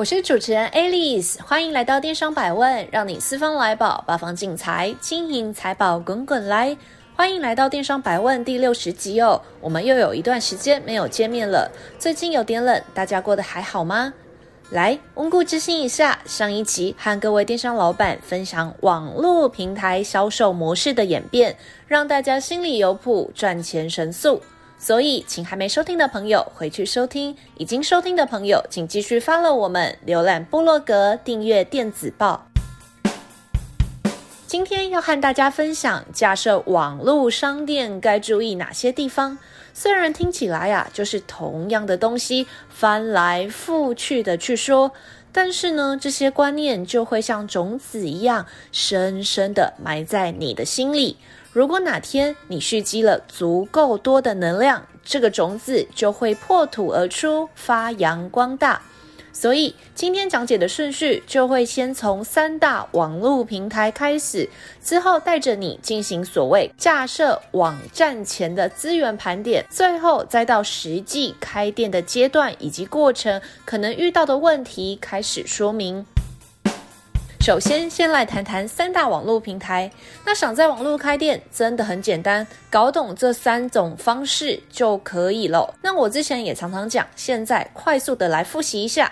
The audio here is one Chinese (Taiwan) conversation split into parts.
我是主持人 Alice，歡迎來到電商百問，讓你四方來寶，八方進財，金銀財寶滾滾來。歡迎來到電商百問第六十集哦，我們又有一段時間沒有見面了。最近有點冷，大家過得還好嗎？來，溫故知新一下，上一期和各位電商老闆分享網絡平台銷售模式的演變，讓大家心裡有譜，賺錢神速。所以，請還沒收聽的朋友回去收聽；已經收聽的朋友，請繼續 follow 我們瀏覽部落格、訂閱電子報。今天要和大家分享，架設網路商店該注意哪些地方。雖然聽起來呀、啊，就是同樣的東西翻來覆去的去說，但是呢，這些觀念就會像種子一樣，深深的埋在你的心裡。如果哪天你蓄積了足夠多的能量，這個種子就會破土而出，發揚光大。所以今天講解的順序就會先從三大網絡平台開始，之後帶着你進行所謂架設網站前的資源盤點，最後再到實際開店的階段以及過程可能遇到的問題開始說明。首先，先來談談三大網絡平台。那想在網絡開店，真的很簡單，搞懂這三種方式就可以了，那我之前也常常講，現在快速的來複習一下，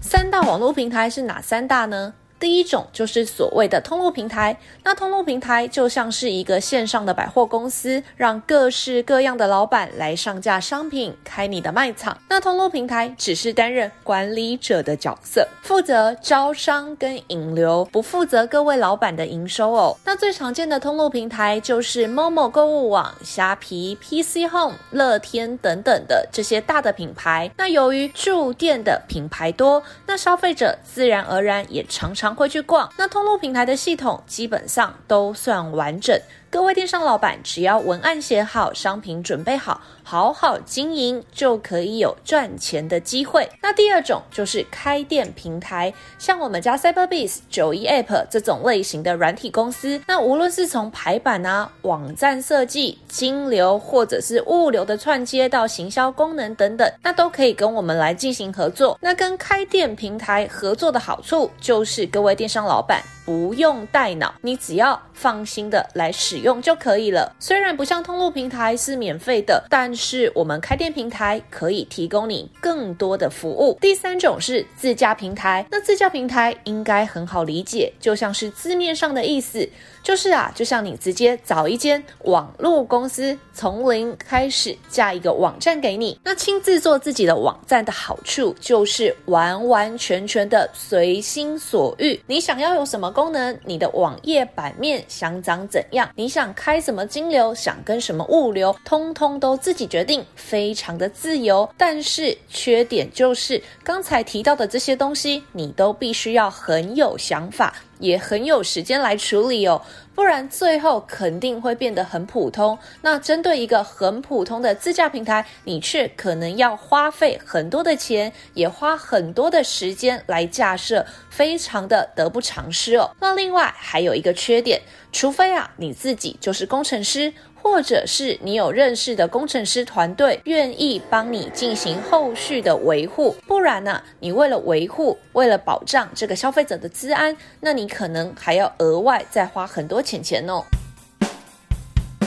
三大網絡平台是哪三大呢？第一種就是所謂的通路平台，那通路平台就像是一個線上的百貨公司，讓各式各樣的老板來上架商品，開你的賣場。那通路平台只是擔任管理者的角色，負責招商跟引流，不負責各位老板的營收哦。那最常見的通路平台就是 Momo 購物網、蝦皮、PC Home、樂天等等的這些大的品牌。那由於駐店的品牌多，那消費者自然而然也常常會去逛，那通路平台的系統基本上都算完整。各位電商老板，只要文案寫好，商品準備好，好好經營，就可以有賺錢的機會。那第二種就是開店平台，像我們家 Cyberbiz 91App 這種類型的軟體公司，那無論是從排版啊、網站設計、金流或者是物流的串接到行銷功能等等，那都可以跟我們來進行合作。那跟開店平台合作的好處，就是各位電商老板，不用帶腦，你只要放心的來使用就可以了。雖然不像通路平台是免費的，但是我們開店平台可以提供你更多的服務。第三種是自架平台，那自架平台應該很好理解，就像是字面上的意思。就是啊，就像你直接找一間網絡公司，從零開始架一個網站給你。那親自做自己的網站的好處，就是完完全全的隨心所欲。你想要有什麼功能，你的網頁版面想長怎樣，你想開什麼金流，想跟什麼物流，通通都自己決定，非常的自由。但是缺點就是，剛才提到的這些東西，你都必須要很有想法。也很有時間來處理哦，不然最後肯定會變得很普通。那針對一個很普通的自架平台，你卻可能要花費很多的錢，也花很多的時間來架設，非常的得不償失哦。那另外還有一個缺點，除非啊你自己就是工程師。或者是你有認識的工程師團隊願意幫你進行後續的維護，不然呢、啊？你為了維護，為了保障這個消費者的資安，那你可能還要額外再花很多錢錢哦。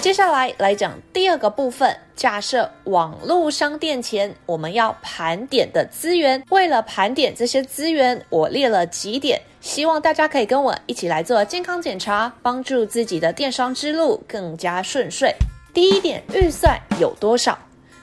接下來來講第二個部分，架設網絡商店前我們要盤點的資源。為了盤點這些資源，我列了幾點，希望大家可以跟我一起來做健康檢查，幫助自己的電商之路更加順遂。第一點，預算有多少？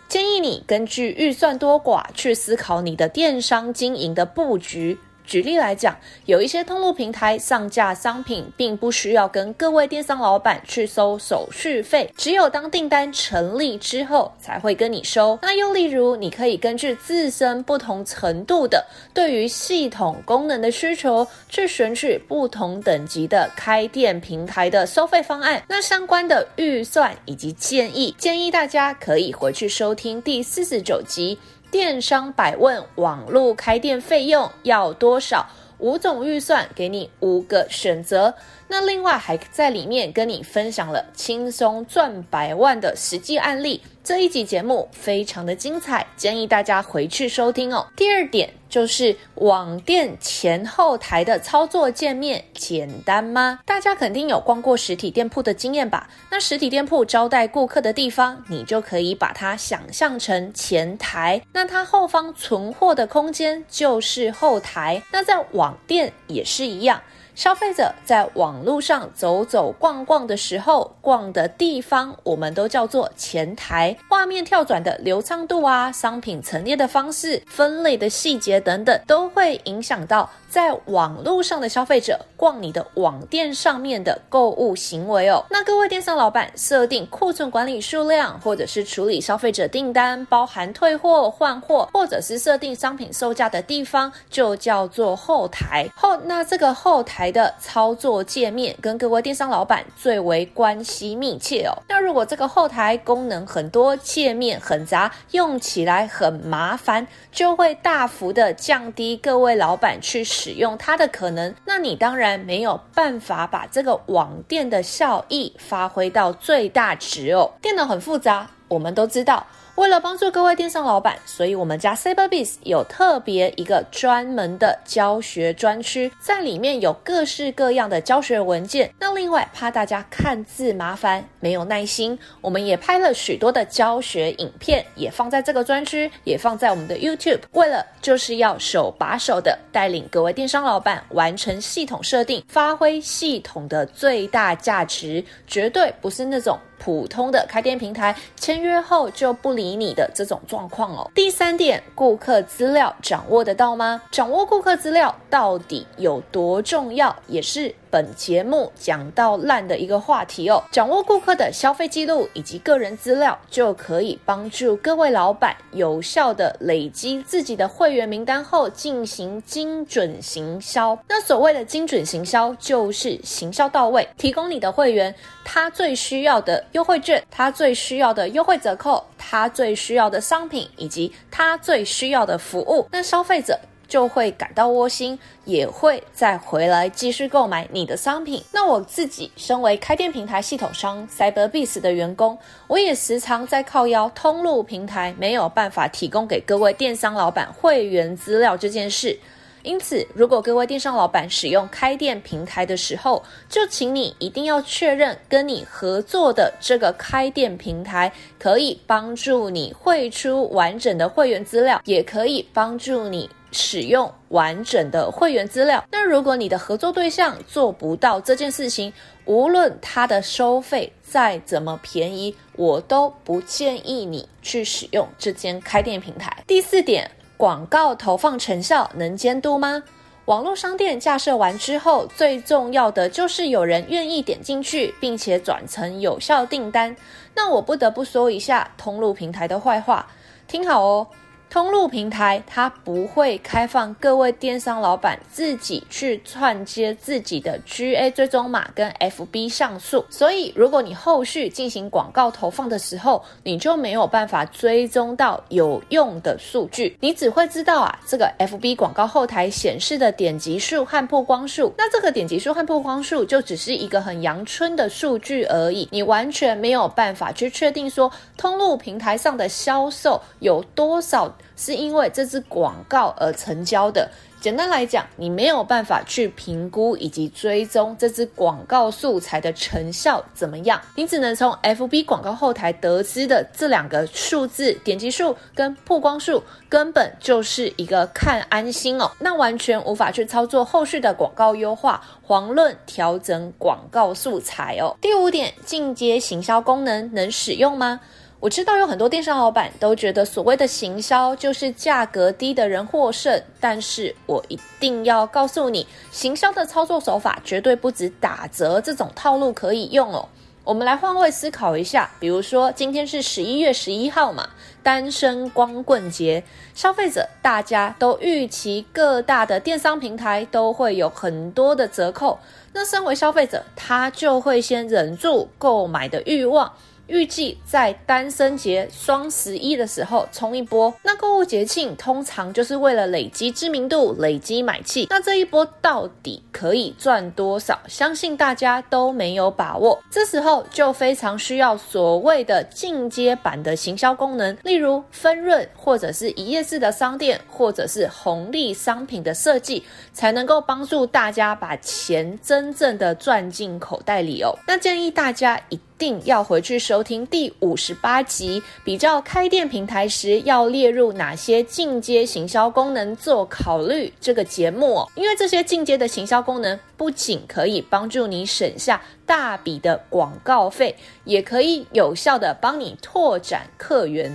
建議你根據預算多寡去思考你的電商經營的佈局。舉例來講，有一些通路平台上架商品，並不需要跟各位電商老闆去收手續費，只有當訂單成立之後才會跟你收。那又例如，你可以根據自身不同程度的對於系統功能的需求，去選取不同等級的開店平台的收費方案。那相關的預算以及建議，建議大家可以回去收聽第四十九集。電商百問，網絡開店費用要多少？五種預算給你五個選擇。那另外還在裡面跟你分享了輕鬆賺百萬的實際案例，這一集節目非常的精彩，建議大家回去收聽哦。第二點就是網店前後台的操作界面簡單嗎？大家肯定有逛過實體店鋪的經驗吧？那實體店鋪招待顧客的地方，你就可以把它想象成前台，那它後方存貨的空間就是後台。那在網店也是一樣。消費者在網路上走走逛逛的時候，逛的地方我們都叫做前台。畫面跳轉的流暢度啊，商品陳列的方式、分類的細節等等，都會影響到在網絡上的消費者逛你的網店上面的購物行為哦。那各位電商老闆設定庫存管理數量，或者是處理消費者訂單，包含退貨、換貨，或者是設定商品售價的地方，就叫做後台。後，那這個後台的操作界面，跟各位電商老闆最為關係密切哦。那如果這個後台功能很多，界面很雜，用起來很麻煩，就會大幅的降低各位老闆去。使用它的可能，那你當然沒有辦法把這個網店的效益發揮到最大值哦。電腦很複雜，我們都知道。為了幫助各位電商老闆，所以我們家 CYBERBIZ 有特別一個專門的教學專區，在裡面有各式各樣的教學文件。那另外怕大家看字麻煩、沒有耐心，我們也拍了許多的教學影片，也放在這個專區，也放在我們的 YouTube。為了就是要手把手的帶領各位電商老闆完成系統設定，發揮系統的最大價值，絕對不是那種。普通的開店平台簽約後就不理你的這種狀況哦。第三點，顧客資料掌握得到嗎？掌握顧客資料到底有多重要？也是。本節目講到爛的一個話題哦，掌握顧客的消費記錄以及個人資料，就可以幫助各位老板有效的累積自己的會員名單後，進行精準行銷。那所謂的精準行銷，就是行銷到位，提供你的會員他最需要的優惠券，他最需要的優惠折扣，他最需要的商品，以及他最需要的服務。那消費者。就會感到窩心，也會再回來繼續購買你的商品。那我自己身為開店平台系統商 CYBERBIZ 的員工，我也時常在靠腰通路平台沒有辦法提供給各位電商老板會員資料這件事。因此，如果各位電商老板使用開店平台的時候，就請你一定要確認跟你合作的這個開店平台可以幫助你匯出完整的會員資料，也可以幫助你。使用完整的會員資料。那如果你的合作對象做不到這件事情，無論他的收費再怎麼便宜，我都不建議你去使用這間開店平台。第四點，廣告投放成效能監督嗎？網絡商店架設完之後，最重要的就是有人願意點進去，並且轉成有效訂單。那我不得不說一下通路平台的壞話。聽好哦。通路平台它不會開放各位電商老板自己去串接自己的 GA 追蹤碼跟 FB 像素，所以如果你後續進行廣告投放的時候，你就沒有辦法追蹤到有用的數據，你只會知道啊這個 FB 廣告後台顯示的點擊數和曝光數，那這個點擊數和曝光數就只是一個很陽春的數據而已，你完全沒有辦法去確定說通路平台上的銷售有多少。是因為這支廣告而成交的。簡單來講，你沒有辦法去評估以及追蹤這支廣告素材的成效怎麼樣。你只能從 FB 廣告後台得知的這兩個數字——點擊數跟曝光數，根本就是一個看安心哦。那完全無法去操作後續的廣告優化、遑論調整廣告素材哦。第五點，進階行銷功能能使用嗎？我知道有很多電商老板都覺得所謂的行銷就是價格低的人獲勝，但是我一定要告訴你，行銷的操作手法絕對不止打折這種套路可以用哦。我們來換位思考一下，比如說今天是十一月十一號嘛，單身光棍節，消費者大家都預期各大的電商平台都會有很多的折扣，那身為消費者，他就會先忍住購買的欲望。預計在單身節、雙十一的時候衝一波。那購物節慶通常就是為了累積知名度、累積買氣。那這一波到底可以賺多少？相信大家都沒有把握。這時候就非常需要所謂的進階版的行銷功能，例如分潤，或者是一頁式的商店，或者是紅利商品的設計，才能夠幫助大家把錢真正的賺進口袋裡哦。那建議大家一。定要回去收聽第五十八集，比較開店平台時要列入哪些進階行銷功能做考慮這個節目哦。因為這些進階的行銷功能不僅可以幫助你省下大筆的廣告費，也可以有效的幫你拓展客源。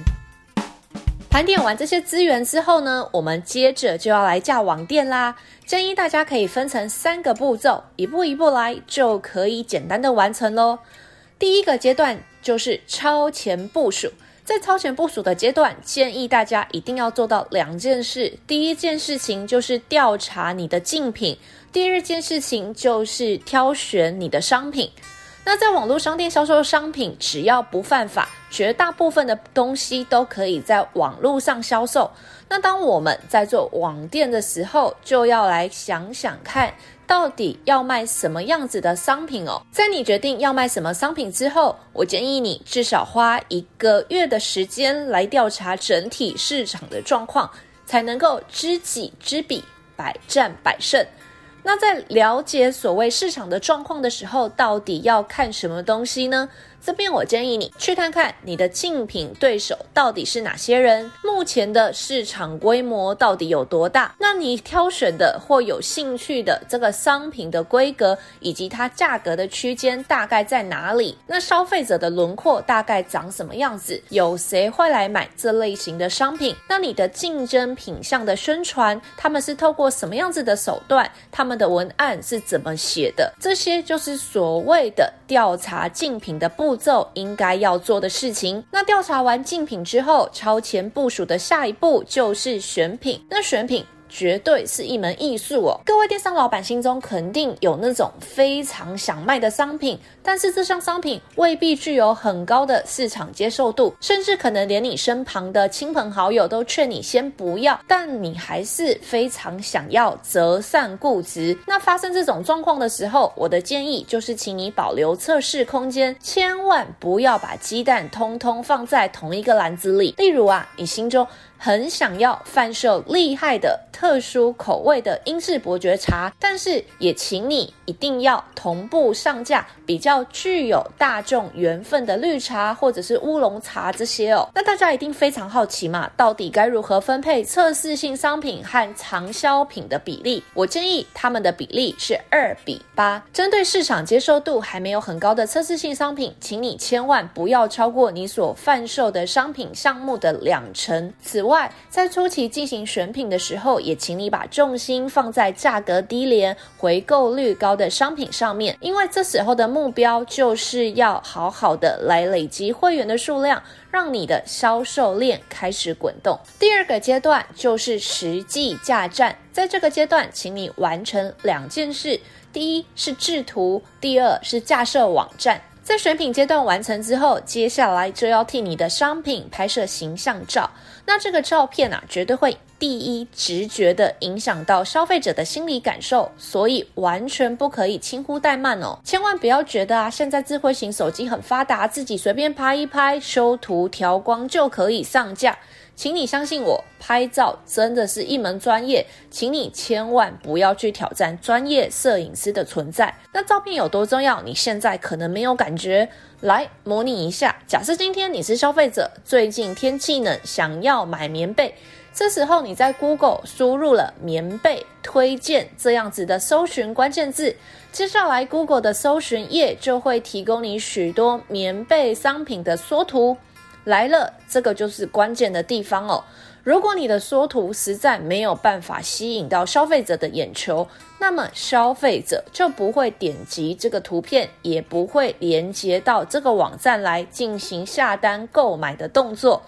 盤點完這些資源之後呢，我們接着就要來架網店啦。建議大家可以分成三個步驟，一步一步來，就可以簡單的完成囉。第一個階段就是超前部署，在超前部署的階段，建議大家一定要做到兩件事。第一件事情就是調查你的競品，第二件事情就是挑選你的商品。那在網絡商店銷售商品，只要不犯法，絕大部分的東西都可以在網絡上銷售。那當我們在做網店的時候，就要來想想看。到底要賣什麼樣子的商品哦？在你決定要賣什麼商品之後，我建議你至少花一個月的時間來調查整體市場的狀況，才能夠知己知彼，百戰百勝。那在了解所謂市場的狀況的時候，到底要看什麼東西呢？這邊我建議你去看看你的競品對手到底是哪些人，目前的市場規模到底有多大？那你挑選的或有興趣的這個商品的規格以及它價格的區間大概在哪裡？那消費者的輪廓大概長什麼樣子？有誰會來買這類型的商品？那你的競爭品項的宣傳，他們是透過什麼樣子的手段？他們的文案是怎麼寫的？這些就是所謂的調查競品的部分。奏應該要做的事情。那調查完競品之後，超前部署的下一步就是選品。那選品。絕對是一門藝術哦！各位電商老板心中肯定有那種非常想賣的商品，但是這項商品未必具有很高的市場接受度，甚至可能連你身旁的親朋好友都勸你先不要。但你還是非常想要擇善固執。那發生這種狀況的時候，我的建議就是，請你保留測試空間，千萬不要把雞蛋通通放在同一個籃子裡。例如啊，你心中。很想要販售厲害的特殊口味的英式伯爵茶，但是也請你一定要同步上架比較具有大眾緣分的綠茶或者是烏龍茶這些哦。那大家一定非常好奇嘛，到底該如何分配測試性商品和長銷品的比例？我建議他們的比例是二比八。針對市場接受度還沒有很高的測試性商品，請你千萬不要超過你所販售的商品項目的兩成。此。此外，在初期進行選品的時候，也請你把重心放在價格低廉、回購率高的商品上面，因為這時候的目標就是要好好的來累積會員的數量，讓你的銷售鏈開始滾動。第二個階段就是實際架站，在這個階段，請你完成兩件事：第一是制圖，第二是架設網站。在選品階段完成之後，接下來就要替你的商品拍攝形象照。那這個照片啊，絕對會第一直覺的影響到消費者的心理感受，所以完全不可以輕忽怠慢哦！千萬不要覺得啊，現在智慧型手機很發達，自己隨便拍一拍，修圖調光就可以上架。請你相信我，拍照真的是一門專業，請你千萬不要去挑戰專業攝影師的存在。那照片有多重要？你現在可能沒有感覺。來模擬一下，假設今天你是消費者，最近天氣冷，想要買棉被。這時候你在 Google 輸入了“棉被推薦”這樣子的搜尋關鍵字，接下來 Google 的搜尋頁就會提供你許多棉被商品的縮圖。來了，這個就是關鍵的地方哦。如果你的縮圖實在沒有辦法吸引到消費者的眼球，那麼消費者就不會點擊這個圖片，也不會連結到這個網站來進行下單購買的動作。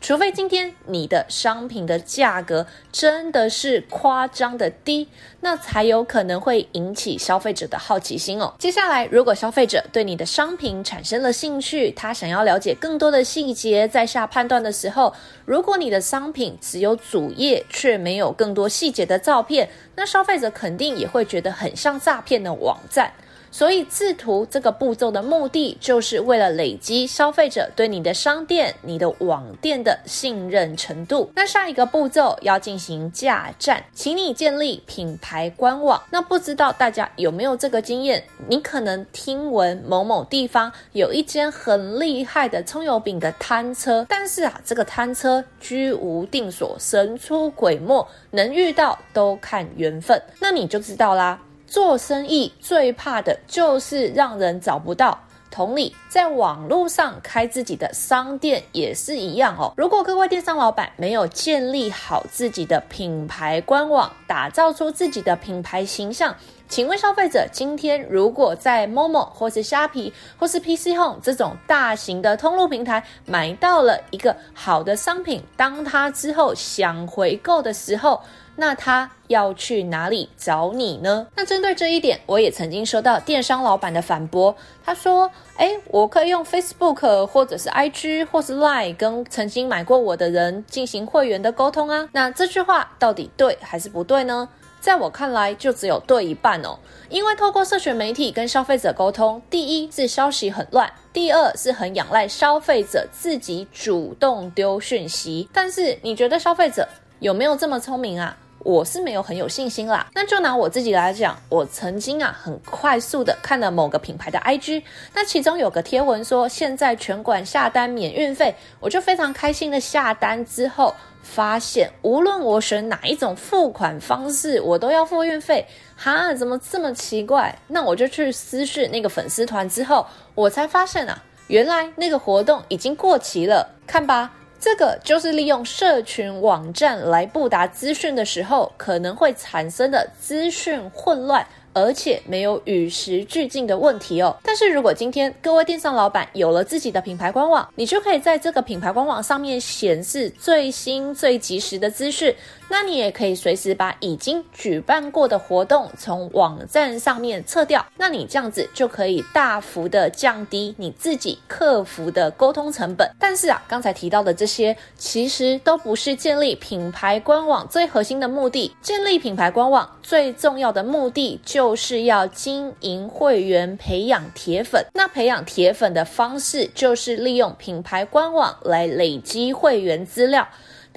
除非今天你的商品的價格真的是誇張的低，那才有可能會引起消費者的好奇心哦。接下來，如果消費者對你的商品產生了興趣，他想要了解更多的細節，在下判斷的時候，如果你的商品只有主頁，卻沒有更多細節的照片，那消費者肯定也會覺得很像詐騙的網站。所以製圖這個步驟的目的，就是為了累積消費者對你的商店、你的網店的信任程度。那下一個步驟要進行架站，請你建立品牌官網。那不知道大家有沒有這個經驗？你可能聽聞某某地方有一間很厲害的蔥油餅的攤車，但是啊，這個攤車居無定所，神出鬼沒，能遇到都看緣分。那你就知道啦。做生意最怕的就是讓人找不到。同理，在網絡上開自己的商店也是一樣哦。如果各位電商老板沒有建立好自己的品牌官網，打造出自己的品牌形象，請問消費者，今天如果在 Momo 或是蝦皮或是 PC Home 這種大型的通路平台買到了一個好的商品，當他之後想回購的時候，那他要去哪裡找你呢？那針對這一點，我也曾經收到電商老板的反駁，他說：“誒，我可以用 Facebook 或者是 IG 或是 Line 跟曾經買過我的人進行會員的溝通啊。”那這句話到底對還是不對呢？在我看來，就只有對一半哦。因為透過社群媒體跟消費者溝通，第一是消息很亂，第二是很仰賴消費者自己主動丟訊息。但是你覺得消費者有沒有這麼聰明啊？我是沒有很有信心啦，那就拿我自己來講，我曾經啊很快速的看了某個品牌的 IG，那其中有個貼文說現在全館下單免運費，我就非常開心的下單之後，發現無論我選哪一種付款方式，我都要付運費，哈，怎麼這麼奇怪？那我就去私訊那個粉絲團之後，我才發現啊，原來那個活動已經過期了，看吧。這個就是利用社群網站來佈達資訊的時候，可能會產生的資訊混亂，而且沒有與時俱進的問題哦。但是如果今天各位電商老板有了自己的品牌官網，你就可以在這個品牌官網上面顯示最新最及時的資訊。那你也可以隨時把已經舉辦過的活動從網站上面撤掉。那你這樣子就可以大幅的降低你自己客服的溝通成本。但是啊，剛才提到的這些其實都不是建立品牌官網最核心的目的。建立品牌官網最重要的目的就是要經營會員、培養鐵粉。那培養鐵粉的方式就是利用品牌官網來累積會員資料。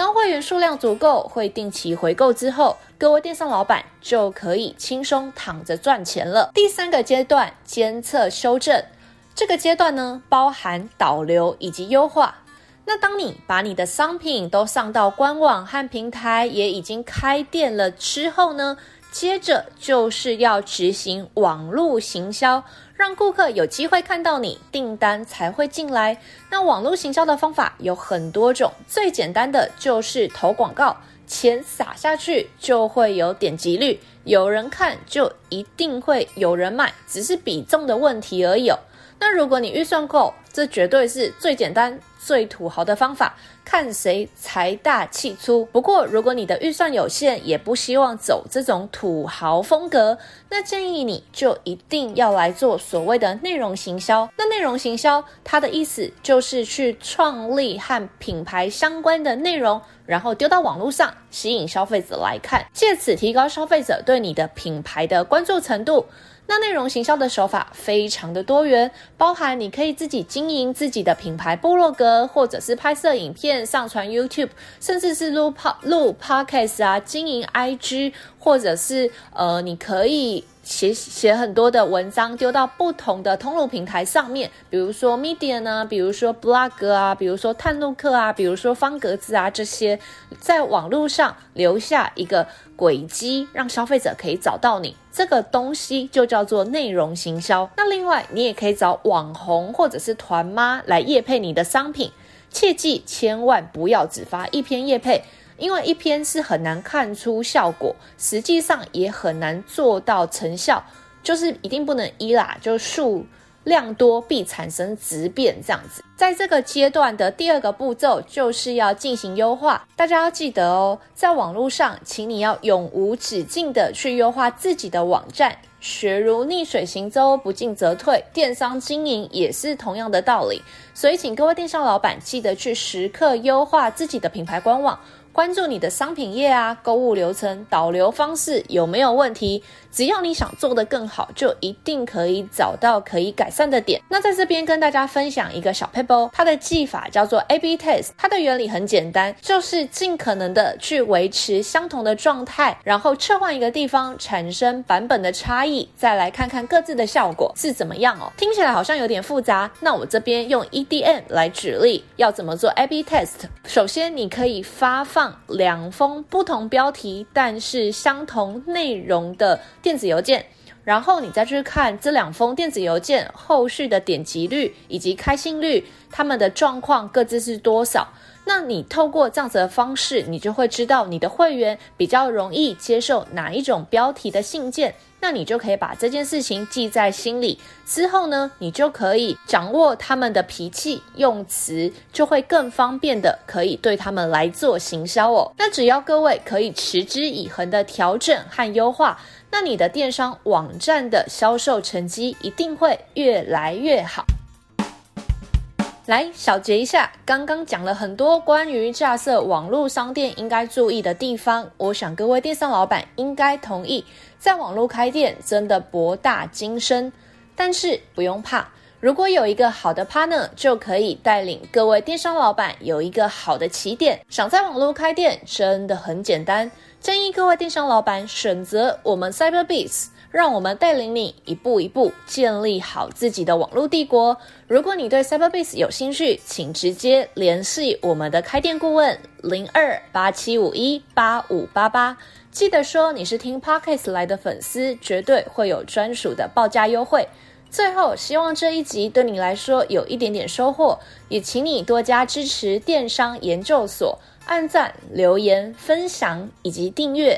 當會員數量足夠，會定期回購之後，各位電商老闆就可以輕鬆躺着賺錢了。第三個階段，監測修正。這個階段呢，包含導流以及優化。那當你把你的商品都上到官網和平台，也已經開店了之後呢，接着就是要執行網路行銷。讓顧客有機會看到你，訂單才會進來。那網絡行銷的方法有很多種，最簡單的就是投廣告，錢撒下去就會有點擊率，有人看就一定會有人買，只是比重的問題而已哦。那如果你預算夠，這絕對是最簡單、最土豪的方法，看誰財大氣粗。不過，如果你的預算有限，也不希望走這種土豪風格，那建議你就一定要來做所謂的內容行銷。那內容行銷，它的意思就是去創立和品牌相關的內容，然後丟到網絡上，吸引消費者來看，借此提高消費者對你的品牌的關注程度。那內容行銷的手法非常的多元，包含你可以自己經營自己的品牌部落格，或者是拍攝影片上傳 YouTube，甚至是錄趴錄 Podcast 啊，經營 IG，或者是呃，你可以寫寫很多的文章，丟到不同的通路平台上面，比如說 Medium 呢，比如說 Blog 啊，比如說探路客啊，比如說方格子啊這些，在網絡上留下一個軌跡，讓消費者可以找到你。這個東西就叫做內容行銷。那另外，你也可以找網紅或者是團媽來業配你的商品，切記千萬不要只發一篇業配。因為一篇是很難看出效果，實際上也很難做到成效，就是一定不能依賴就數量多必產生質變這樣子。在這個階段的第二個步驟就是要進行優化，大家要記得哦，在網絡上，請你要永無止境的去優化自己的網站。學如逆水行舟，不進則退，電商經營也是同樣的道理。所以，請各位電商老板記得去時刻優化自己的品牌官網。關注你的商品頁啊，購物流程、導流方式有沒有問題？只要你想做得更好，就一定可以找到可以改善的點。那在這邊跟大家分享一個小撇步，它的技法叫做 A/B test，它的原理很簡單，就是盡可能的去維持相同的狀態，然後切換一個地方產生版本的差異，再來看看各自的效果是怎麼樣哦。聽起來好像有點複雜，那我這邊用 EDM 來舉例，要怎麼做 A/B test？首先你可以發放。兩封不同標題但是相同內容的電子郵件，然後你再去看這兩封電子郵件後續的點擊率以及開信率，他們的狀況各自是多少？那你透過這樣子的方式，你就會知道你的會員比較容易接受哪一種標題的信件。那你就可以把這件事情記在心裡，之後呢，你就可以掌握他們的脾氣，用詞就會更方便地可以對他們來做行銷哦。那只要各位可以持之以恆的調整和優化，那你的電商網站的銷售成績一定會越來越好。來小結一下，剛剛講了很多關於架設網路商店應該注意的地方，我想各位電商老板應該同意。在網絡開店真的博大精深，但是不用怕，如果有一個好的 partner，就可以帶領各位電商老板有一個好的起點。想在網絡開店，真的很簡單，建議各位電商老板選擇我們 Cyberbiz，讓我們帶領你一步一步建立好自己的網絡帝國。如果你對 Cyberbiz 有興趣，請直接聯繫我們的開店顧問零二八七五一八五八八，記得說你是聽 Podcast 來的粉絲，絕對會有專屬的報價優惠。最後，希望這一集對你來說有一點點收穫，也請你多加支持電商研究所，按贊、留言、分享以及訂閱。